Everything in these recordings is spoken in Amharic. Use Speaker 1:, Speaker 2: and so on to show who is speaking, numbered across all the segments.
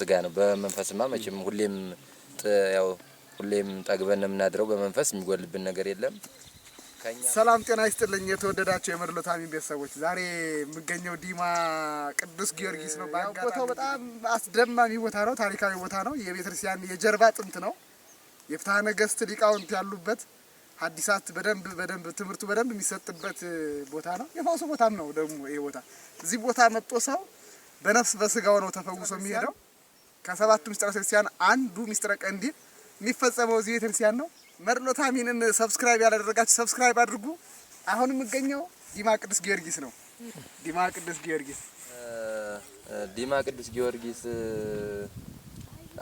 Speaker 1: ዝጋ ነው። በመንፈስማ መቼም ሁሌም ያው ሁሌም ጠግበን ነው የምናድረው። በመንፈስ የሚጎልብን ነገር የለም።
Speaker 2: ሰላም ጤና ይስጥልኝ የተወደዳቸው የመድሎት አሚን ቤተሰቦች፣ ዛሬ የምገኘው ዲማ ቅዱስ ጊዮርጊስ ነው። ቦታው በጣም አስደማሚ ቦታ ነው። ታሪካዊ ቦታ ነው። የቤተክርስቲያን የጀርባ አጥንት ነው። የፍትሐ ነገስት ሊቃውንት ያሉበት ሐዲሳት በደንብ በደንብ ትምህርቱ በደንብ የሚሰጥበት ቦታ ነው። የፈውሱ ቦታም ነው ደግሞ ይሄ ቦታ። እዚህ ቦታ መጥቶ ሰው በነፍስ በስጋው ነው ተፈውሶ የሚሄደው። ከሰባቱ ምስጢረ ክርስቲያን አንዱ ምስጢረ ቀንዲል የሚፈጸመው እዚህ ቤተ ክርስቲያን ነው። መርሎ ታሚንን ሰብስክራይብ ያላደረጋችሁ ሰብስክራይብ አድርጉ። አሁን የምገኘው ዲማ ቅዱስ ጊዮርጊስ ነው። ዲማ ቅዱስ ጊዮርጊስ
Speaker 1: ዲማ ቅዱስ ጊዮርጊስ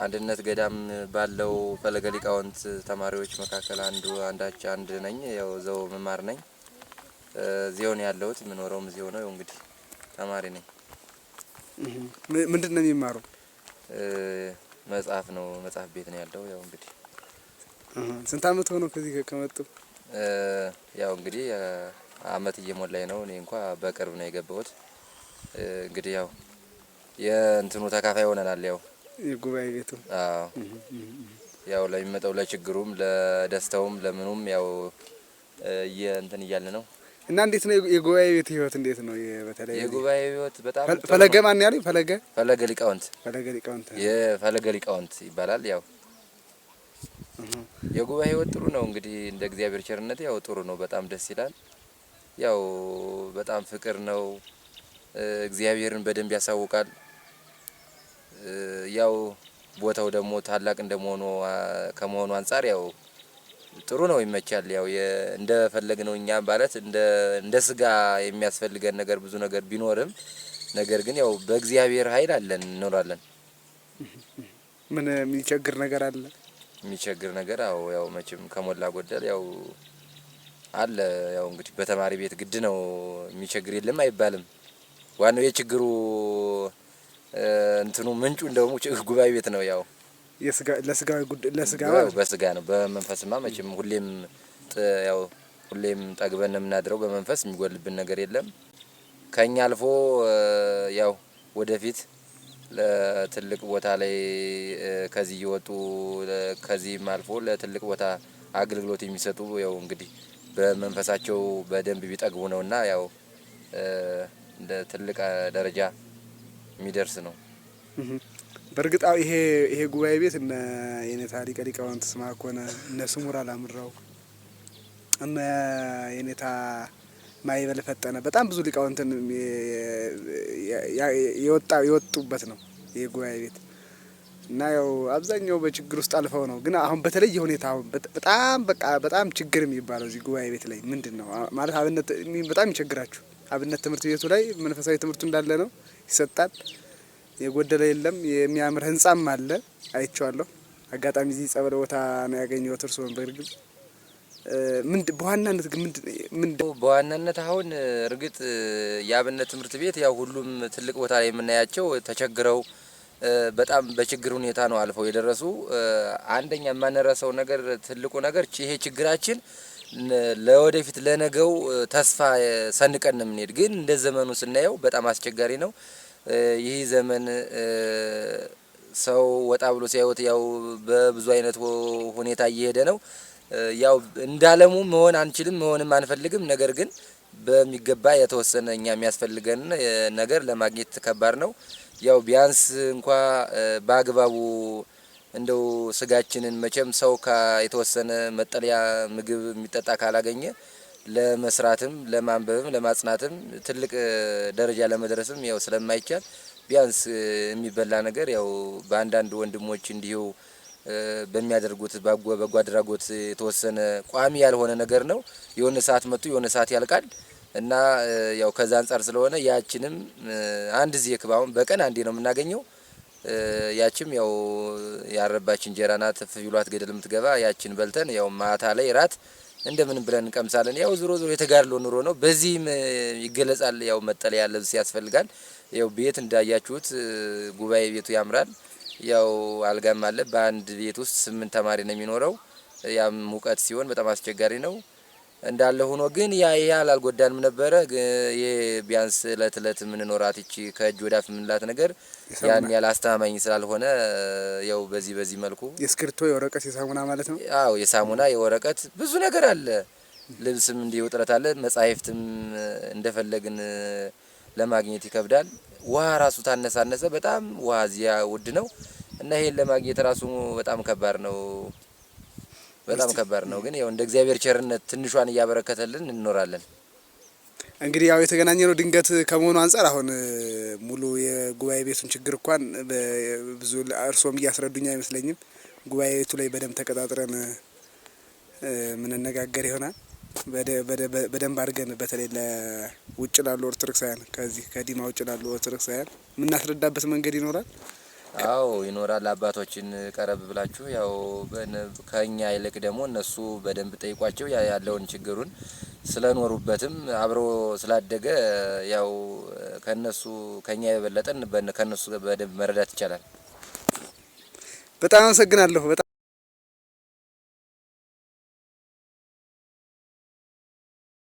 Speaker 1: አንድነት ገዳም ባለው ፈለገ ሊቃውንት ተማሪዎች መካከል አንዱ አንዳች አንድ ነኝ። ያው ዘው መማር ነኝ። እዚያው ነው ያለሁት። የምኖረውም እዚያው ነው። እንግዲህ ተማሪ ነኝ።
Speaker 2: ምንድን ነው የሚማረው?
Speaker 1: መጽሐፍ ነው መጽሐፍ ቤት ነው ያለው። ያው እንግዲህ
Speaker 2: ስንት አመት ሆኖ ከዚህ ከመጡ?
Speaker 1: ያው እንግዲህ አመት እየሞላኝ ነው። እኔ እንኳ በቅርብ ነው የገባሁት። እንግዲህ ያው የእንትኑ ተካፋይ ሆነናል። ያው
Speaker 2: የጉባኤ ቤቱ አዎ፣
Speaker 1: ያው ለሚመጣው ለችግሩም፣ ለደስታውም፣ ለምኑም ያው የእንትን እያለ ነው
Speaker 2: እና እንዴት ነው የጉባኤ ቤት ህይወት? እንዴት ነው በተለይ
Speaker 1: የጉባኤ ህይወት? በጣም
Speaker 2: ፈለገ ማን ያለኝ? ፈለገ
Speaker 1: ፈለገ ሊቃውንት
Speaker 2: ፈለገ ሊቃውንት
Speaker 1: የፈለገ ሊቃውንት ይባላል። ያው የጉባኤ ህይወት ጥሩ ነው እንግዲህ እንደ እግዚአብሔር ቸርነት ያው ጥሩ ነው። በጣም ደስ ይላል። ያው በጣም ፍቅር ነው። እግዚአብሔርን በደንብ ያሳውቃል። ያው ቦታው ደግሞ ታላቅ እንደመሆኑ ከመሆኑ አንጻር ያው ጥሩ ነው፣ ይመቻል። ያው እንደፈለግ ነው። እኛ ማለት እንደ ስጋ የሚያስፈልገን ነገር ብዙ ነገር ቢኖርም ነገር ግን ያው በእግዚአብሔር ኃይል አለን እንኖራለን።
Speaker 2: ምን የሚቸግር ነገር አለ?
Speaker 1: የሚቸግር ነገር አዎ፣ ያው መቼም ከሞላ ጎደል ያው አለ። ያው እንግዲህ በተማሪ ቤት ግድ ነው የሚቸግር የለም አይባልም። ዋናው የችግሩ እንትኑ ምንጩ እንደውም ጉባኤ ቤት ነው ያው
Speaker 2: ለስጋ ለስጋ
Speaker 1: በስጋ ነው። በመንፈስማ መቼም ሁሌም ያው ሁሌም ጠግበን የምናድረው በመንፈስ የሚጎልብን ነገር የለም። ከኛ አልፎ ያው ወደፊት ለትልቅ ቦታ ላይ ከዚህ እየወጡ ከዚህም አልፎ ለትልቅ ቦታ አገልግሎት የሚሰጡ ያው እንግዲህ በመንፈሳቸው በደንብ ቢጠግቡ ነውና ያው እንደ ትልቅ ደረጃ የሚደርስ ነው።
Speaker 2: በእርግጣው ይሄ ይሄ ጉባኤ ቤት እነ የኔ ታሪቀ ሊቃውንት ስምዐኮነ እነ ስሙር አላምራው እነ የኔታ ማይበል ፈጠነ በጣም ብዙ ሊቃውንትን የወጣ የወጡበት ነው ይሄ ጉባኤ ቤት እና ያው አብዛኛው በችግር ውስጥ አልፈው ነው። ግን አሁን በተለየ ሁኔታ አሁን በጣም በቃ በጣም ችግር የሚባለው እዚህ ጉባኤ ቤት ላይ ምንድን ነው ማለት አብነት በጣም ይቸግራችሁ አብነት ትምህርት ቤቱ ላይ መንፈሳዊ ትምህርቱ እንዳለ ነው ይሰጣል። የጎደለ የለም። የሚያምር ህንጻም አለ አይቼዋለሁ። አጋጣሚ እዚህ ጸበል ቦታ ነው ያገኘሁት። እርስዎን በእርግጥ ምንድ በዋናነት ግን ምንድ
Speaker 1: በዋናነት አሁን እርግጥ የአብነት ትምህርት ቤት ያው ሁሉም ትልቅ ቦታ ላይ የምናያቸው ተቸግረው በጣም በችግር ሁኔታ ነው አልፈው የደረሱ። አንደኛ የማንረሳው ነገር ትልቁ ነገር ይሄ ችግራችን ለወደፊት ለነገው ተስፋ ሰንቀን ነው የምንሄድ። ግን እንደ ዘመኑ ስናየው በጣም አስቸጋሪ ነው። ይህ ዘመን ሰው ወጣ ብሎ ሲያዩት ያው በብዙ አይነት ሁኔታ እየሄደ ነው። ያው እንዳለሙ መሆን አንችልም፣ መሆንም አንፈልግም። ነገር ግን በሚገባ የተወሰነ እኛ የሚያስፈልገን ነገር ለማግኘት ከባድ ነው። ያው ቢያንስ እንኳ በአግባቡ እንደው ስጋችንን መቼም ሰው የተወሰነ መጠለያ፣ ምግብ የሚጠጣ ካላገኘ ለመስራትም ለማንበብም ለማጽናትም ትልቅ ደረጃ ለመድረስም ያው ስለማይቻል ቢያንስ የሚበላ ነገር ያው በአንዳንድ ወንድሞች እንዲሁ በሚያደርጉት በጎ አድራጎት የተወሰነ ቋሚ ያልሆነ ነገር ነው። የሆነ ሰዓት መጥቶ የሆነ ሰዓት ያልቃል እና ያው ከዛ አንጻር ስለሆነ ያችንም አንድ ዚህ ክባውን በቀን አንዴ ነው የምናገኘው። ያችም ያው ያረባች እንጀራ ናት፣ ፍዩሏት ገደል የምትገባ ያችን በልተን ያው ማታ ላይ ራት እንደምን ብለን እንቀምሳለን? ያው ዞሮ ዞሮ የተጋድሎ ኑሮ ነው። በዚህም ይገለጻል። ያው መጠለያ ልብስ ያስፈልጋል። ያው ቤት እንዳያችሁት ጉባኤ ቤቱ ያምራል። ያው አልጋም አለ። በአንድ ቤት ውስጥ ስምንት ተማሪ ነው የሚኖረው። ያም ሙቀት ሲሆን በጣም አስቸጋሪ ነው። እንዳለ ሆኖ ግን ያ ይህ አልጎዳንም ነበረ። ይህ ቢያንስ እለት እለት የምንኖራት ይቺ ከእጅ ወዳፍ የምንላት ነገር ያን ያህል አስተማማኝ ስላልሆነ ያው በዚህ በዚህ መልኩ
Speaker 2: የእስክርቶ የወረቀት የሳሙና ማለት ነው።
Speaker 1: አዎ የሳሙና የወረቀት ብዙ ነገር አለ። ልብስም እንዲህ ውጥረት አለ። መጻሕፍትም እንደፈለግን ለማግኘት ይከብዳል። ውሃ ራሱ ታነሳነሰ በጣም ውሃ እዚያ ውድ ነው እና ይሄን ለማግኘት ራሱ በጣም ከባድ ነው። በጣም ከባድ ነው። ግን ያው እንደ እግዚአብሔር ቸርነት ትንሿን እያበረከተልን እንኖራለን።
Speaker 2: እንግዲህ ያው የተገናኘ ነው ድንገት ከመሆኑ አንጻር አሁን ሙሉ የጉባኤ ቤቱን ችግር እንኳን ብዙ እርስዎም እያስረዱኝ አይመስለኝም። ጉባኤ ቤቱ ላይ በደንብ ተቀጣጥረን ምንነጋገር ይሆናል። በደንብ አድርገን በተለይ ለውጭ ላሉ ኦርቶዶክሳውያን ከዚህ ከዲማ ውጭ ላሉ ኦርቶዶክሳውያን የምናስረዳበት መንገድ ይኖራል።
Speaker 1: አዎ ይኖራል። አባቶችን ቀረብ ብላችሁ ያው ከኛ ይልቅ ደግሞ እነሱ በደንብ ጠይቋቸው ያለውን ችግሩን ስለኖሩበትም አብሮ ስላደገ ያው ከነሱ ከኛ የበለጠን ከነሱ በደንብ መረዳት ይቻላል።
Speaker 2: በጣም አመሰግናለሁ።